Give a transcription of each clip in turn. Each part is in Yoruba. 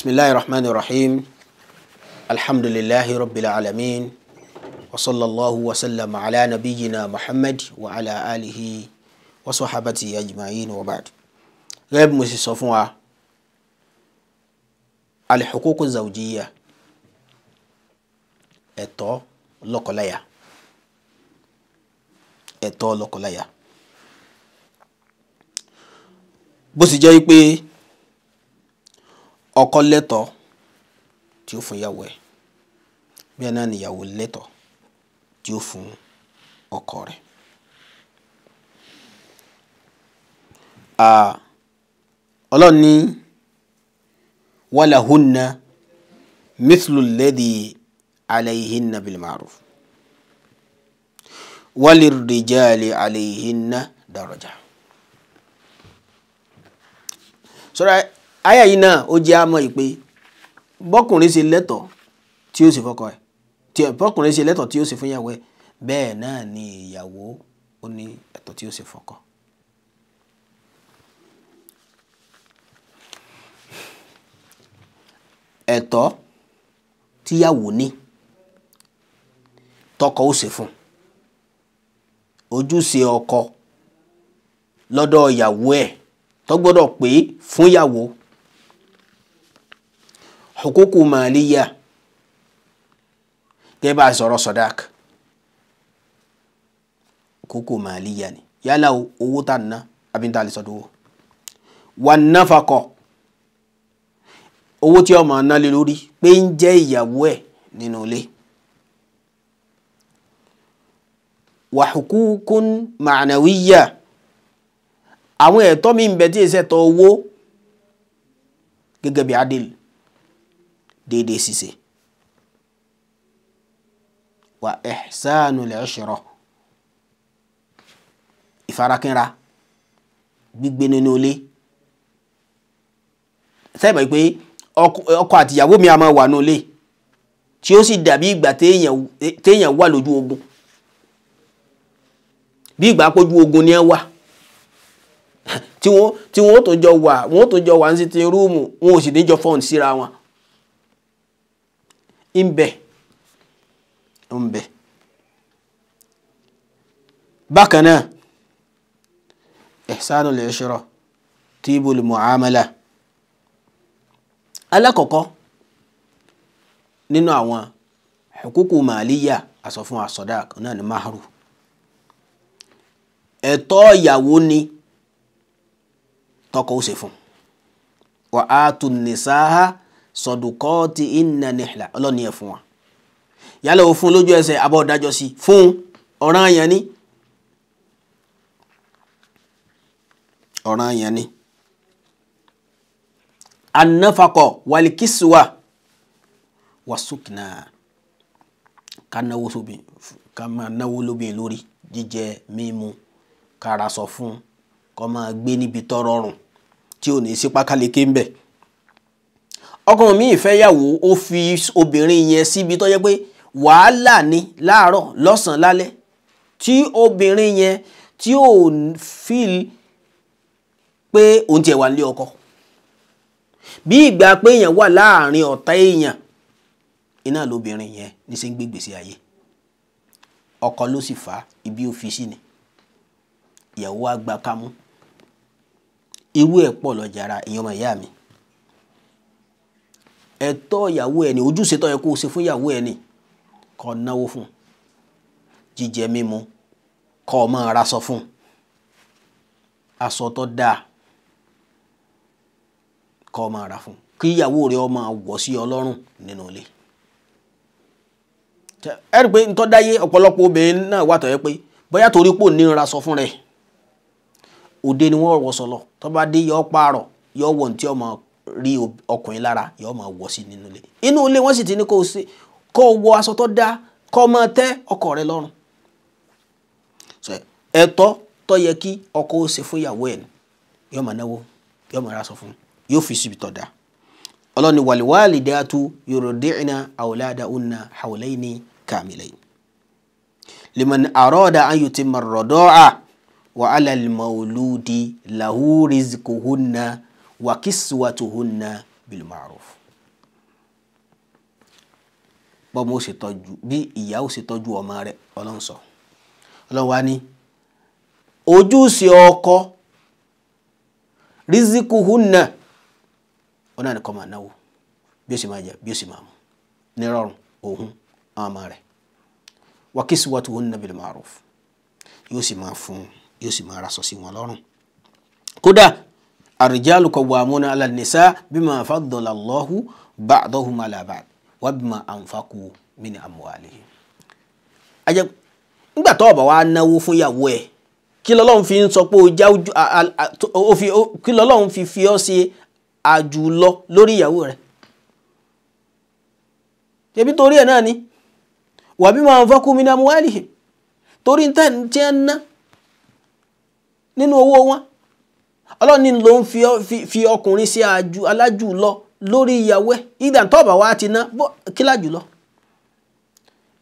بسم الله الرحمن الرحيم الحمد لله رب العالمين وصلى الله وسلم على نبينا محمد وعلى آله وصحبه أجمعين وبعد غير mo sì sọ fún wa alihukuku zawjiya ẹ̀tọ́ lọ́kọláya ẹ̀tọ́ lọ́kọláya ọkọ lẹ́tọ̀ọ́ tí ó fún ìyàwó ẹ̀ bẹ́ẹ̀ náà nìyàwó lẹ́tọ̀ọ́ tí ó fún ọkọ rẹ̀. ọlọ́run ní walahunna mithlu alladhi alayhinna bilmaruf walirijali alayhinna daraja. sọ́ra àyà yìí náà ó jẹ́ àmọ́ ìpè bọ́kùnrin ṣe lẹ́tọ̀ọ́ tí ó sì fọkọ ẹ̀ tí bọ́kùnrin ṣe lẹ́tọ̀ọ́ tí ó sì fún ìyàwó ẹ̀ bẹ́ẹ̀ náà ni ìyàwó ó ní ẹ̀tọ́ tí ó sì fọkọ. ẹ̀tọ́ tíyàwó ní tọkọ ó sì fún ojúṣe ọkọ lọ́dọ̀ ìyàwó ẹ̀ tó gbọ́dọ̀ pé fún ìyàwó hukuku màlíyà gẹ́gẹ́ bá a sọ̀rọ̀ sọ̀dák hukuku màlíyà ni yálà owó tá a ná àbí tá a lè sọdọ̀ owó wà náfàkọ̀ owó tí ọmọ àná lé lórí pé ń jẹ́ ìyàwó ẹ̀ nínú ilé. wà hukukun ma'nawiyya àwọn ẹ̀tọ́ mi ń bẹ tí èsẹ̀ tọ owó gẹ́gẹ́ bí adil déédéé ṣiṣẹ́ wa ihsanul ishra ìfarakínra gbígbé nínú ilé sẹ́yìnbà pé ọkọ àtìyàwó mi a máa wà nílé tí ó sì dàbí ìgbà téèyàn wà lójú ogun bí ìgbà kójú ogun ni ẹ wà tí wọ́n tó jọ wà wọ́n tó jọ wà ń sí rúùmù wọn ò sì níjọ fọ́ọ̀n síra wọn imbe mbe bákan náà ihsanul ishra tibul muamala alákọ̀ọ́kọ́ ninu awọn hukuku màálíyà aṣọ fún asodak na ní maharu eto ìyàwó ni tọkọ ó ṣe wa atun nisaha sọdùkọ́ọ̀tì ìnà nìhlà ọlọ́ni ẹ̀ fún wa yálà o fún lójú ẹsẹ̀ abọ́ dájọ́ sí fún ọ̀ràn àyàn ni ọ̀ràn àyàn ni anáfakọ̀ wàlíkísùwà wàsúkìnà ká náwó lórí jíjẹ mímu fún ọkùnrin mi ìfẹ́yàwó ó fi obìnrin yẹn síbi tó yẹ pé wàhálà ni láàárọ̀ lọ́sàn-án lálẹ́ tí obìnrin yẹn tí ò fíìl pé òun tiẹ̀ wà nílé ọkọ bí ìgbà pé èèyàn wà láàrin ọ̀tá èèyàn iná lóbìnrin yẹn ní ṣe ń gbé gbèsè ayé ọkọ ló sì fà á ibi ó fi sí ni ìyàwó wa gba kámú irú ẹ̀ pọ̀ lọ́jà ara èèyàn ìyá mi. ẹ̀tọ́ ìyàwó ẹ̀ ní ojúṣe tó yẹ kó o ṣe fún ìyàwó ẹ̀ ní kó náwó fún jíjẹ mímu kó o máa raṣọ fún aṣọ tó dáa kó o máa fún kí ìyàwó rẹ ó máa wọ̀ sí ọlọ́run nínú ilé ẹ rí i pé ntọ́dáyé ọ̀pọ̀lọpọ̀ obìnrin náà wà tó yẹ pé bóyá torí pò ní sọ fún rẹ òde ni wọ́n wọ̀ sọ lọ tó bá dé yọ ọ́ pààrọ̀ yọ ọ́ wọ̀ ní tí ọmọ rí ọkùnrin lára yóò máa wọ̀ sí nínú ilé inú ilé wọ́n sì ti ní kó o ṣe kó o wọ aṣọ tó dáa kó o máa tẹ́ ọkọ rẹ lọ́rùn ẹ̀tọ́ tó yẹ kí ọkọ ó ṣe fún ìyàwó ẹ̀ yóò máa náwó yóò máa raṣọ fún yóò fi síbi tó dáa ọlọ́ni wàlíwàlídàtú yorùdíìnà àwòládà ọ̀nà hawlayni kàmìlẹ́yìn liman àròdà ayùtìmọ̀rọ̀dọ́à wàhálà lìmọ̀ọ́lùdì làhúrìzìkòhùnà wa kiswatuhunna bil ma'ruf bọ́mọ ó ṣe tọ́jú bí ìyá ó ṣe tọ́jú ọmọ rẹ̀ ọlọ́run sọ ọlọ́run wa ní ojúṣe ọkọ rizikuhunna ọ̀nà nìkan máa náwó bí ó sì máa jẹ bí ó sì máa mu nírọ̀rùn òun àwọn ọmọ rẹ̀ wa kiswatuhunna bil yóò sì máa fún yóò sì máa raṣọ sí wọn lọ́rùn kódà àrùjálù kọ̀wàmúnà alànìsá bímọ àfàdọ̀làlọ́hù bá àdọ́hùn màlàbà wà bímọ àǹfàkù mí ni àmúwálé. ajẹ́ nígbà tó ọ̀bà wa náwó fún ìyàwó ẹ̀ kí lọ́lọ́run fi ń sọ pé kí lọ́lọ́run fi fi ọ́ ṣe àjùlọ lórí ìyàwó rẹ̀ ṣebí torí ẹ̀ náà ni wà bímọ àǹfàkù mí ni àmúwálé torí ń tẹ̀ ń tiẹ̀ wọn ọlọ́run ní ló ń fi ọkùnrin sí alájù lọ lórí ìyàwó ẹ̀ ìdá tọ́ọ̀bà wa ti ná kílà jùlọ.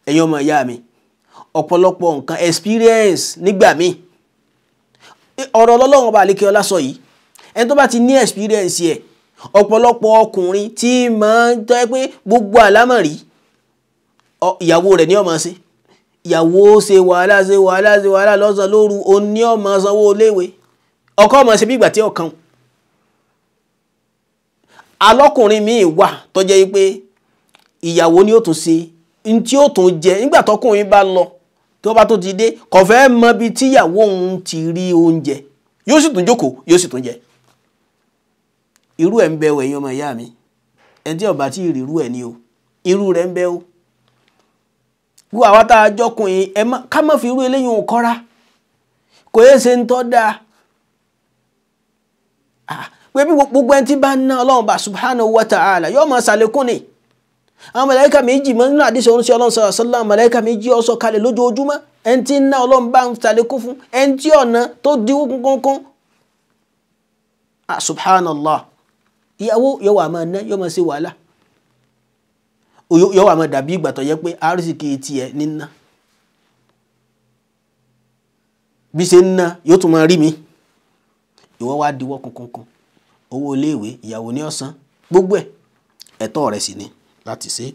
ẹ̀yin ọmọ ìyá mi ọ̀pọ̀lọpọ̀ nǹkan experience nígbà míì ọ̀rọ̀ ọlọ́run ọba àlékè ọlá sọ yìí ẹni tó bá ti ní experience ẹ̀ ọ̀pọ̀lọpọ̀ ọkùnrin tí máa ń tọ́ ẹ pé gbogbo àlámọ̀rí ìyàwó rẹ̀ ní ọmọ sí ìyàwó ṣe wàhálà ṣe wàhálà ṣe wàhálà lọ́sàn-án lóru òun ní ọmọ sanwó léwe ọkọ ọmọ ṣe bí ìgbà tí ọkàn alọ́kùnrin míì wà tó jẹ́ pé ìyàwó ni ó tún ṣe ntí ó tún jẹ nígbà tọkùnrin bá lọ tó bá tó ti dé kò fẹ́ mọ bí tíyàwó òun ti rí oúnjẹ yóò sì tún jókòó yóò sì tún jẹ irú ẹ̀ ń bẹ ẹ̀yin ọmọ ìyá mi ẹni tí ọba tí ìrírú ẹ̀ ni o irú rẹ̀ ń bẹ o wíwá wa tá a jọkùnrin ẹ ká má fi irú eléyìí òun kọ́ra kò yẹ ṣe ń tọ́ dáa Ah, pé bí gbogbo ẹni tí bá ń ná ọlọ́run bá subhanahu wa ta'ala yóò máa ṣàlékún ni àwọn màláíkà méjì mọ́ nínú àdìsẹ́ oníṣẹ́ ọlọ́run sọ̀rọ̀ sọ́lá màláíkà méjì ó sọ̀kalẹ̀ lójoojúmọ́ ẹni tí ń ná ọlọ́run bá ń ṣàlékún fún ẹni tí ọ̀nà tó dínwó kúnkún ah, subhanallah ìyàwó yóò wà máa ná yóò máa ṣe wàhálà yóò wà máa dàbí ìgbà tó yẹ pé àrísìkí tiẹ̀ ní ná bí ṣe ń ná yóò tún máa rí mi ìwọ wá diwọ́ kọ̀ọ̀kan owó iléèwé ìyàwó ní ọ̀sán gbogbo ẹ̀ ẹ̀tọ́ rẹ̀ sì ni láti ṣe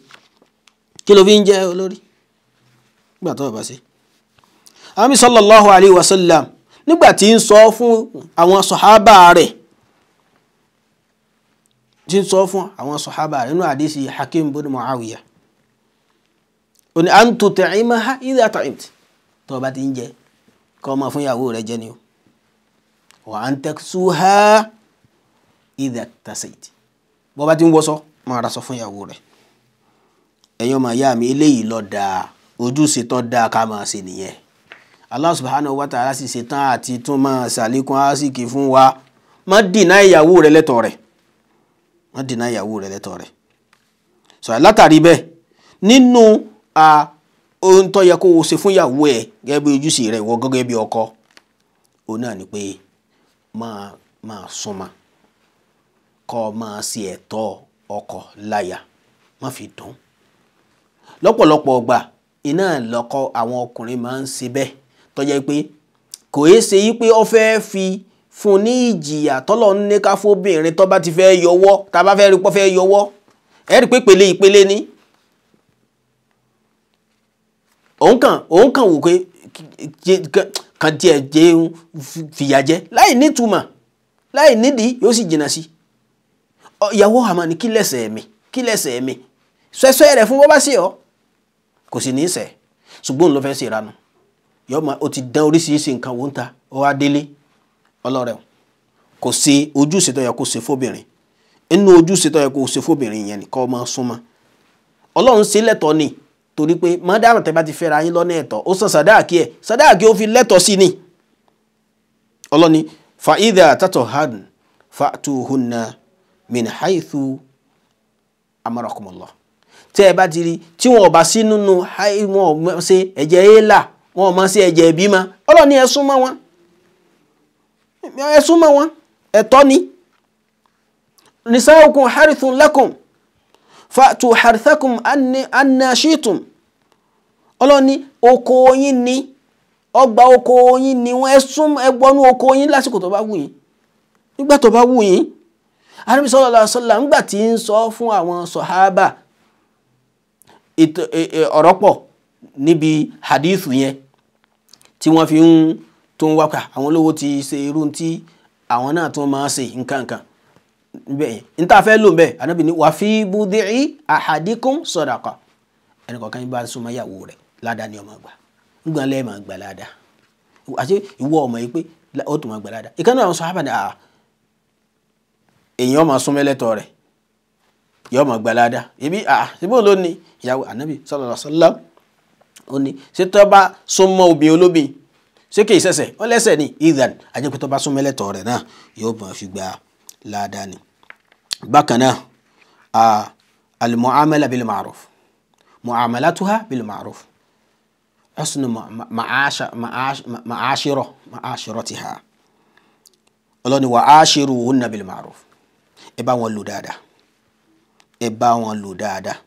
kí ló fi ń jẹ́ olórí nígbà tó bá ṣe. àmì sallallahu alayhi wa sallam nígbà tí ń sọ fún àwọn sọ̀hábà rẹ̀ tí ń sọ fún àwọn sọ̀hábà rẹ̀ nínú àdìsí Hakim bin Muawiya Oni à ń tutẹ̀ ìmọ̀ ha ìdí àtàìmtì tó o bá ti ń jẹ kọ́ ọmọ fún ìyàwó rẹ̀ jẹ ni o wa an taksuha idha tasaiti bó bá ti ń wọṣọ máa rẹ ẹ̀yin ọmọ ìyá mi eléyìí ló dáa ojúṣe tó dáa ká máa ṣe nìyẹn Allah subhanahu wa ta'ala sì ṣetán àti tún máa ṣàlékún wa má rẹ lẹ́tọ̀ọ́ rẹ̀ má dìnnà ìyàwó rẹ lẹ́tọ̀ọ́ a o rẹ máa máa súnmọ́ kọ́ ọ máa ṣe ẹ̀tọ́ ọkọ láya má fi dùn. lọ́pọ̀lọpọ̀ ọgbà iná lọ́kọ àwọn ọkùnrin máa ń ṣe bẹ́ẹ̀ tó jẹ́ pé kò é ṣe yí pé ó fẹ́ fi fún ní ìjìyà tọ́lọ̀ ń ní ká fóbìnrin tó bá ti fẹ́ yọwọ́ tá a bá fẹ́ rí pọ́ fẹ́ yọwọ́ ẹ rí pé pèlè ìpele ni òun kàn òun kàn wò pé kan tiẹ̀ jẹun fìyà jẹ láì nítumọ̀ láì nídìí yóò sì jìnnà sí ìyàwó àmọ́ ni kí lẹ́sẹ̀ mi kí lẹ́sẹ̀ mi sẹ́sẹ́ rẹ̀ fún bọ́bá sí ọ kò sì ní í sẹ̀ ṣùgbọ́n ló fẹ́ ṣe ìranu yọmọ o ti dán oríṣiríṣi nǹkan wò ń ta ọ wá délé ọlọ́rẹ̀ kò ṣe ojúṣe tó yẹ kó ṣe fóbìnrin inú ojúṣe tó yẹ kó ṣe fóbìnrin yẹn ni kọ́ ọ máa súnmọ́ ọlọ́run ṣe lẹ́tọ̀ọ́ ni torí pé mọ́dàmù tẹ́ bá ti fẹ́ra yín lọ́nà ẹ̀tọ́ ó san sàdáàkì ẹ̀ sàdáàkì ó fi lẹ́tọ̀ sí ni ọlọ́ni fa idha tatahharna fa'tuhunna min haythu amarakumullah tẹ́ ẹ bá ti rí tí wọn ò bá sí nínú wọn ṣe ẹ̀jẹ̀ éèlà wọn ò máa ṣe ẹ̀jẹ̀ ìbímọ ọlọ́ni ẹ súnmọ́ wọn ẹ súnmọ́ wọn ẹ̀tọ́ ni nisaukum harithun lakum fatu harthakum annashitum ọlọ́ni oko yín ni ọgbà oko yín ni wọ́n ẹ sún ẹgbọ́nú oko yín lásìkò tó bá wù yín nígbà tó bá wù yín arábí sọlọ́lá sọlá ńgbà tí ń sọ fún àwọn sọ̀hábà ọ̀rọ̀ pọ̀ níbi hadithu yẹn tí wọ́n fi ń tó ń wákà àwọn olówó ti ṣe irú tí àwọn náà tó máa ṣe nǹkan kan n ta fẹ́ lò ń bẹ̀ anabi ni wàfi budii ahadikum sadaqa ẹnì kọ̀ọ̀kan yín bá súnmọ́ ìyàwó rẹ̀ ládàá ni ọmọ gbà ńgbà lẹ́yìn máa gbà ládàá àti ìwọ ọmọ yìí pé ó tún máa gbà ládàá ìkànnì àwọn sọ ábàdàn àà èèyàn máa súnmọ́ ẹlẹ́tọ̀ rẹ̀ yóò máa gbà ládàá ibi àà síbò ló ní ìyàwó anabi sallallahu alaihi wasallam ó ní ṣé tó bá súnmọ́ obìnrin olóbìn ṣé kì í ṣẹ̀ṣẹ̀ ó lẹ́ṣẹ̀ ní ìdàn àjẹpẹ́tọ́ bá súnmọ́ ẹlẹ́tọ̀ rẹ̀ náà yóò ládàá ni bákan náà al-mu'amala bil ma'ruf mu'amalatuha bil ma'ruf husnu ma'ashiro ma'ashiratiha ọlọ́ni wa ashiruhunna bil ma'ruf ẹ bá wọn lò dáadáa ẹ bá wọn lò dáadáa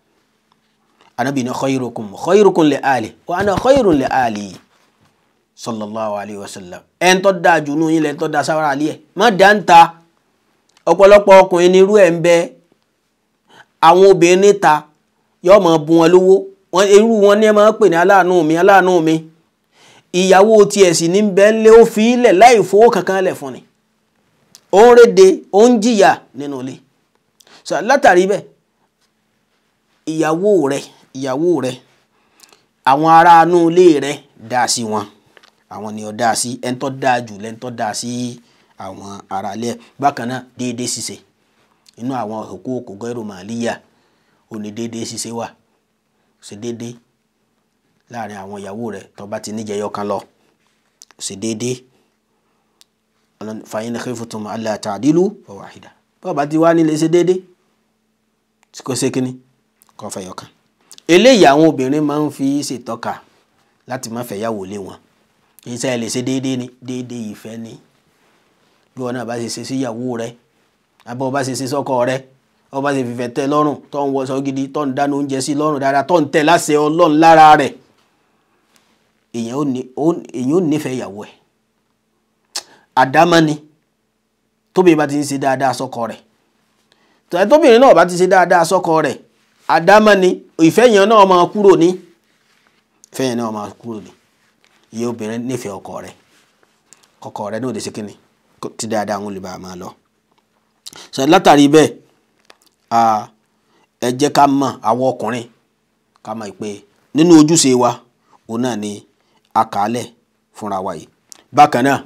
anabi ni khayrukum khayrukum li ali wa ana khayrun li ali sallallahu alayhi wa sallam ẹ̀ ń junu yín lẹ́ ń tọ́ da sáwárà alẹ́ ẹ̀ má dáa ọ̀pọ̀lọpọ̀ ọkùnrin irú ẹ̀ ń bẹ àwọn obìnrin níta yóò máa bu wọn lówó wọn ni ẹ máa ń pè mi aláàánú mi ìyàwó tiẹ̀ sì ní bẹ́ẹ̀ lé kankan lẹ̀ fún ni ó ń réde ó ń jìyà nínú ilé látàrí bẹ́ẹ̀ ìyàwó rẹ ìyàwó rẹ àwọn ará ilé rẹ dá sí wọn àwọn dá sí àwọn aráalé bákan náà déédéé ṣiṣẹ́ inú àwọn òkú òkú gẹ́rù màálíyà òní déédéé ṣiṣẹ́ wà ṣe déédéé láàrin àwọn ìyàwó rẹ tó bá ti níjẹyọ kan lọ ṣe déédéé fàyín khiftum alla ta'dilu fawahida bọ́ọ̀bá ti wá nílé ṣe déédéé kò ṣe kínní kò fẹ̀yọ̀ kan eléyìí àwọn obìnrin máa ń fi ṣètọ́ka láti má fẹ́yàwó lé wọn iṣẹ́ ẹ lè ṣe déédéé ni déédéé ìfẹ́ ni bí wọn náà bá ṣe ṣe síyàwó rẹ abọ́ bá ṣe ṣe sọ́kọ rẹ ọ bá ṣe fìfẹ́ tẹ́ lọ́rùn tó ń wọṣọ gidi tó ń dáná oúnjẹ sí lọ́rùn dáadáa tó ń tẹ̀ láṣẹ ọlọ́run lára rẹ̀ èèyàn ò nífẹ̀ẹ́ ìyàwó ẹ̀ àdámọ́ni tóbi bá ti ń ṣe dáadáa sọ́kọ rẹ̀ tóbìnrin náà bá ti ṣe dáadáa sọ́kọ rẹ̀ àdámọ́ni ìfẹ́ yẹn náà máa kúrò ní ìfẹ́ yẹn náà máa kúrò ní iye obìnrin nífẹ̀ẹ́ ọkọ rẹ̀ ọkọ rẹ̀ náà ò lè ṣe kínni tí dáadáa wọn lè bá a máa lọ. sọ látàrí bẹ́ẹ̀ ẹ jẹ́ ká mọ̀ àwọn ọkùnrin ká mọ̀ pé nínú ojúṣe wa òun náà ni àkàálẹ̀ fúnra wa yìí. bákan náà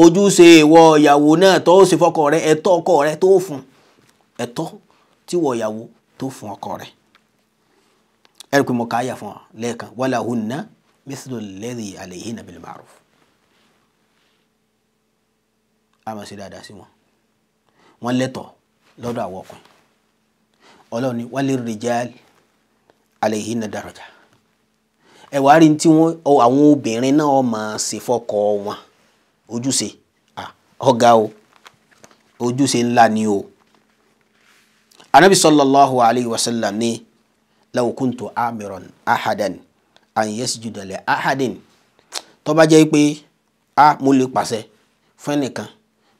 ojúṣe ìwọ ìyàwó náà tó ṣe fọkọ rẹ ẹ̀tọ́ ọkọ rẹ tó fún ẹ̀tọ́ tí ìwọ ìyàwó tó fún ọkọ rẹ ẹ rí i pé mo ká àyà fún ọ lẹ́ẹ̀kan wala hunna mithlu alladhi alayhinna bil ma'ruf a máa ṣe dáadáa sí wọn wọ́n lẹ́tọ̀ọ́ lọ́dọ̀ àwọn ọkùnrin ọlọ́run ni wálé rìjàl alayhinna daraja ẹ wàá rí tí àwọn obìnrin náà máa ṣe fọ́kọ wọn ojúṣe ọ̀gá o ojúṣe ńlá ni o anabi sallallahu alayhi wa sallam ni law kuntu amiran ahadan an yasjuda li pé a mo lè pàṣẹ fún ẹnìkan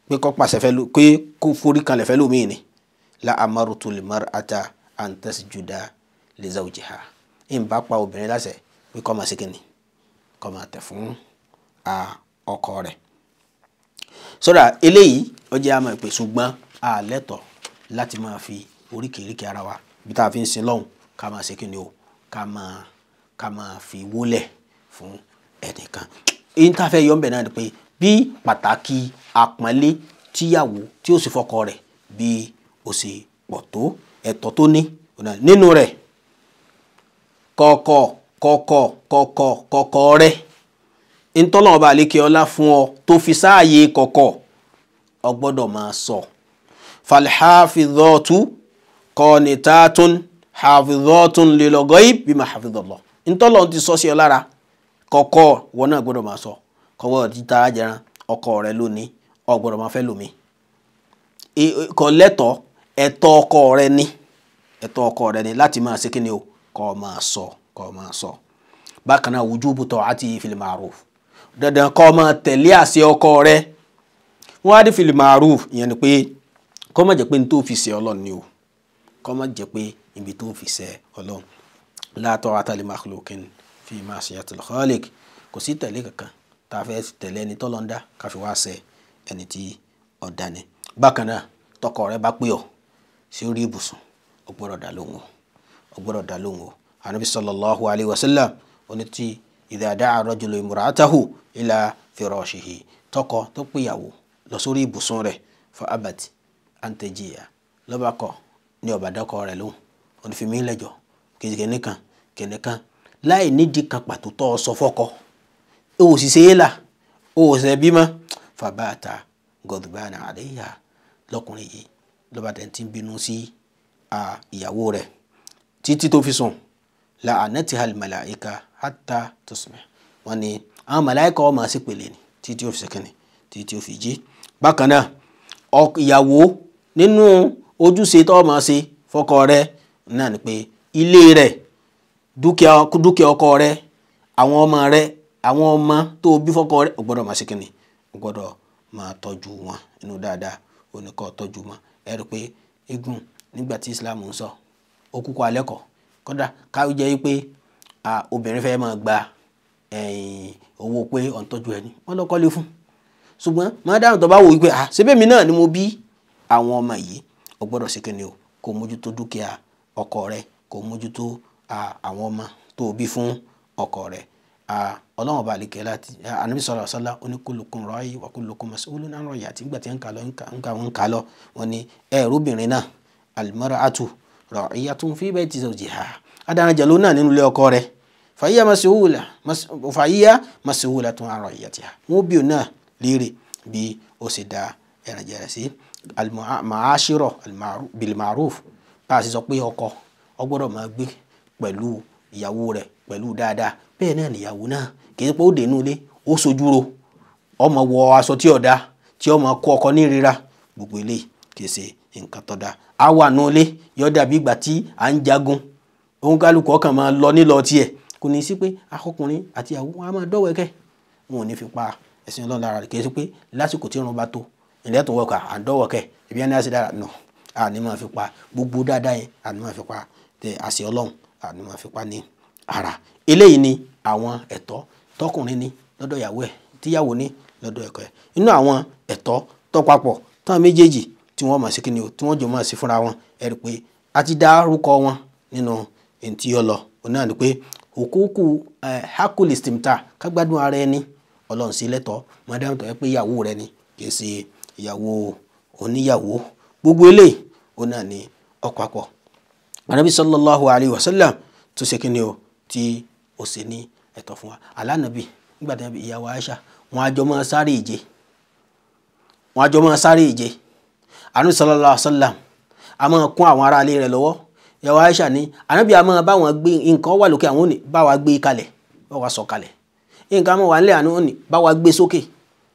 pé kó pàṣẹ fẹ́ ló pé kó forí kanlẹ̀ fẹ́ lómi ni la amarutu limar ata antas juda leza ojiha ń bá pa obìnrin láṣẹ pé kó máa ṣe kíni kó máa tẹ̀ fún ọkọ rẹ̀ sọ́dà eléyìí ó jẹ́ àmọ́ ìpè ṣùgbọ́n a lẹ́tọ̀ láti máa fi oríkèéríkèé ara wa bí tá a fi ń sin lọ́hùn ká máa ṣe kíni o ká máa ká máa fi wólẹ̀ fún ẹnìkan èyí tá a fẹ́ yọ̀ ń bẹ̀ náà ni pé bí pàtàkì àpọ́nlé tíyàwó tí ó sì fọkọ rẹ̀ bí ó ṣe pọ̀ tó ẹ̀tọ́ tó ní nínú rẹ̀ kọ̀kọ̀ kọ̀kọ̀ kọ̀kọ̀ kọ̀kọ̀ rẹ̀ ntọ́lọ́wọ́n bá lékè ọlá fún ọ tó fi sáàyè kọ̀kọ̀ ọ gbọ́dọ̀ máa sọ falhafidọ́tu kọ́nitatun hafidọ́tun lilọ́gọ́yì bima hafidọ́lọ́ ntọ́lọ́wọ́n ti sọ sí ọ lára kọ̀kọ̀ wọn náà gbọ́dọ̀ máa sọ ọwọ́ títa ajẹran ọkọ rẹ lónìí ọgbọ́dọ̀ máa fẹ́ lómi e, e, kò lẹ́tọ̀ ẹ̀tọ́ ọkọ rẹ ni ẹ̀tọ́ ọkọ rẹ ni láti máa ṣe kíni o kó máa sọ kó máa sọ bákan náà wujubu ta'atihi fil ma'ruf dandan kó máa tẹ̀lé àṣẹ ọkọ rẹ wọ́n á dé fil ma'ruf ìyẹn ni pé kó má jẹ́ pé ní tó fi ṣe ọlọ́run ni o kó má jẹ́ pé ibi tó fi ṣe ọlọ́run la ta'ata li makhluqin fi ma'siyatil khaliq kò sí tẹ̀lé kankan tá a fẹ́ tẹ̀lé ẹni tọ́lọ́ ń ká fi wá ṣe ẹni tí ọ̀dà ni bákan náà tọkọ rẹ bá pè ọ́ sí orí ibùsùn ó gbọ́dọ̀ dá lóhùn ó gbọ́dọ̀ dá lóhùn o anabi sallallahu alayhi wa sallam oní ti idha da'a rajulu imra'atahu ila firashihi tọkọ tó péyàwó lọ sórí ibùsùn rẹ̀ fa abati antajiya lọ́ba kọ̀ ní ọ̀bà dọ́kọ rẹ̀ lóhùn onífìmí lẹ́jọ́ kìnìkan kìnìkan láì nídìí kan pàtó tọ́ ọ sọ fọ́kọ. òṣìṣẹ́ là òṣìṣẹ́ bímọ fàbáàtà gọdùbánà àdéhà lọkùnrin yìí lọba tẹ̀ ti ń bínú sí ìyàwó rẹ̀ títí tó fi sùn la'anati hal malaika ika hata wọ́n ní àwọn màláìka ọmọ àṣepèlè ni títí ó fi ṣèkìnnì títí ó fi jí bákan náà ìyàwó nínú ojúṣe tó máa ṣe fọ́kọ rẹ̀ náà ni pé ilé rẹ̀ dúkìá ọkọ rẹ̀ àwọn ọmọ rẹ̀ àwọn ọmọ tó o bí fọ́kọ rẹ o gbọ́dọ̀ máa ṣe kínní o gbọ́dọ̀ máa tọ́jú wọn inú dáadáa o ní kọ́ tọ́jú wọn ẹ rí i pé igun nígbà tí Islam ń sọ ó kúkọ alẹ́ kọ̀ kódà káwé jẹ́ pé obìnrin fẹ́ máa gba owó pé ọ̀ ń ẹni wọ́n lọ́kọ́ lé fún ṣùgbọ́n máa dáhùn tó bá wò wípé ah ṣébèmí náà ni mo bí àwọn ọmọ yìí o gbọ́dọ̀ ṣe kínní o kó mójútó dúkìá ọkọ rẹ kó mójútó àwọn ọmọ tó bí fún ọkọ rẹ ọlọ́run ọba àlekẹ́ láti anabi sọ̀rọ̀ àṣọlá oníkólukùn rọ́ọ̀yì wàkólukùn mọ̀sọ́wọ́lù náà rọ̀yà àti ńgbà tí ń kà lọ ń kà lọ wọn ni ẹ̀rúbìnrin náà alimọ́ra àtù rọ̀ọ̀yàtún fi bẹ́ẹ̀ ti sọ̀rọ̀ jìhà adarajà ló náà nínú ilé ọkọ rẹ̀ fàyíyà mọ̀sọ́wọ́là fàyíyà mọ̀sọ́wọ́là tún àrọ̀ ìyà tìhà wọn bí òun náà léèrè bí ó sì da ẹ̀rànjẹ̀ sí ìyàwó rẹ̀ pẹ̀lú dáadáa bẹ́ẹ̀ náà nìyàwó náà kì í pé ó dénú ilé ó sojú ro ọmọ wọ aṣọ tí ọ̀dà tí ọmọ kọ ọkọ ní ìrira gbogbo ilé kì í ṣe nǹkan tó dáa á wà nù ilé yọ̀dà bí ìgbà tí à ń jagun òun kálukú ọkàn máa lọ nílọ tiẹ̀ kò ní í sí pé akọkùnrin àti ìyàwó wọn á máa dọ́wẹ̀kẹ́ wọn ò ní fi pa ẹ̀sìn ọlọ́run lára kì í ṣe pé lásìkò tí irun bá tó ilẹ̀ tó wọ̀kà à ń dọ́wọ̀kẹ́ ibi ẹni á dára nù àní máa fi pa gbogbo dáadáa yẹn àní máa fi pa àṣẹ ọlọ́run àní máa fipá ní ara eléyìí ni àwọn ẹ̀tọ́ tọkùnrin ní lọ́dọ̀ ìyàwó ẹ̀ tíyàwó ní lọ́dọ̀ ẹ̀kọ́ ẹ̀ inú àwọn ẹ̀tọ́ tọpapọ̀ táwọn méjèèjì tí wọ́n máa ṣe kíni o tí wọ́n jọ máa ṣe fúnra wọn ẹ rí i pé a ti dárúkọ wọn nínú èntì ọlọ òun náà ni pé òkúkú hercules timta kágbádùn ara ẹni ọlọ́run sí lẹ́tọ̀ọ́ madam tó yẹ pé ìyàwó rẹ ni kì í ṣe ìyàwó oníyàwó gbogbo eléyìí òun náà ni ọ̀pọ̀ àpọ̀ anabi sallallahu alayhi wa sallam tó ṣe kíni o tí ó ṣe ní ẹ̀tọ́ fún wa alánàbì nígbà tí ìyàwó aisha wọn àjọ máa sáré ìje wọn àjọ máa sáré ìje anabi sallallahu alayhi wa sallam a máa kún àwọn aráalé rẹ̀ lọ́wọ́ ìyàwó aisha ní anabi a máa bá wọn gbé nǹkan wà lókè àwọn òní bá wa gbé kalẹ̀ bá wa sọ kalẹ̀ nǹkan mọ̀ wà nílẹ̀ àná òní bá wa gbé sókè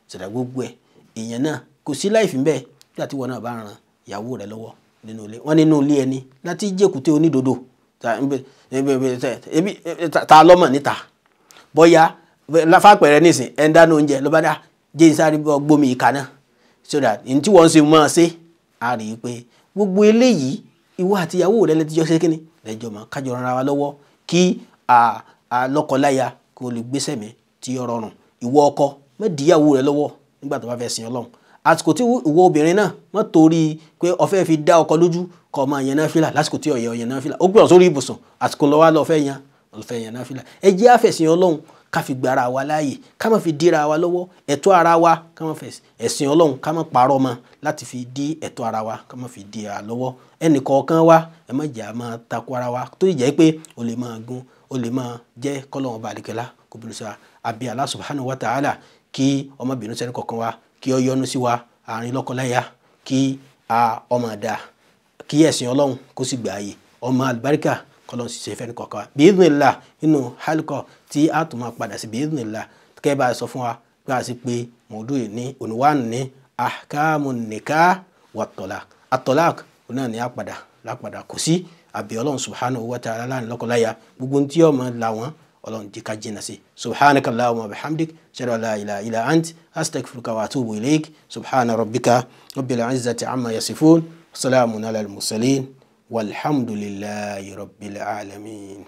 ṣẹ̀dá gbogbo ẹ̀ èèyàn náà kò sí láìfín bẹ́ẹ̀ nígbà tí wọn náà bá ran ìyàwó rẹ̀ lọ́wọ́ nínú ilé wọn nínú ilé ẹni láti jẹkùtẹ onídodo ta lọmọ níta bóyá fàpẹrẹ nísìn ẹ ń dáná oúnjẹ ló bá dá jẹ́ ìsáré gbómi ìka náà so that ní tí wọ́n ń ṣe máa ṣe á rí i pé gbogbo eléyìí ìwọ àti ìyàwó rẹ lẹ́tijọ́ ṣe kíni lẹ́jọ́ mọ́ kájọ rárá wa lọ́wọ́ kí lọ́kọláya kó lè gbéṣẹ́ mi tí ó rọrùn ìwọ ọkọ mẹ́ẹ̀díyàwó rẹ lọ́wọ́ nígbà tó bá fẹ́ sin Ọlọ́run àsìkò tí ìwọ obìnrin náà mọ́ torí pé o fẹ́ fi dá ọkọ lójú kó máa yan náfìlà lásìkò tí ọ̀yẹ́ ọ̀yẹ́ náfìlà ó gbé ọ sórí ibùsùn àsìkò lọ́wọ́ lọ́ọ́ fẹ́ yan lọ́ọ́ fẹ́ yan náfìlà ẹ jẹ́ àfẹ̀sìn ọlọ́run ká fi gbára wa láàyè ká má fi díra wa lọ́wọ́ ẹ̀tọ́ ara wa ká má fẹ̀sìn ẹ̀sìn ọlọ́run ká má parọ́ mọ́ láti fi dí ẹ̀tọ́ ara wa ká má fi dí ara lọ́wọ́ ẹnì wa ẹ má jà máa takò ara wa tó jẹ́ pé o lè máa gun o lè máa jẹ́ kọ́lọ́run ọba àlekẹ́lá kò bẹ̀rù àbí Allah subhanahu wa ta'ala kí ọmọbìnrin sẹ́ni kọ̀ọ̀kan wa kí ọ yọ́nú sí wa àárín lọ́kọláya kí a ọmọ àdá kí ẹ̀sìn ọlọ́run kó sì gbà ààyè ọmọ àlùbáríkà kọlọ́n sì ṣe fẹ́ni kọ̀ọ̀kan biiznillah nínú halkọ tí a tún máa padà sí biiznillah kẹ́ bá a sọ fún wa bí a sì pé mọ̀ọ́dún yìí ní òníwánu ní ahkamu nikah wa talaq at náà ní àpàdà lápàdà kò sí àbí ọlọ́run subhanahu wa ta'ala láàrin lọ́kọláya gbogbo ohun tí ọmọ làwọn ọlọ́run jí ká jìnnà sí subhanaka allahumma wa bihamdik shadu ala ila ila ant astaghfiruka wa atubu ilayk subhana rabbika rabbil izzati amma yasifun salamun ala al-mursalin rabbil alamin.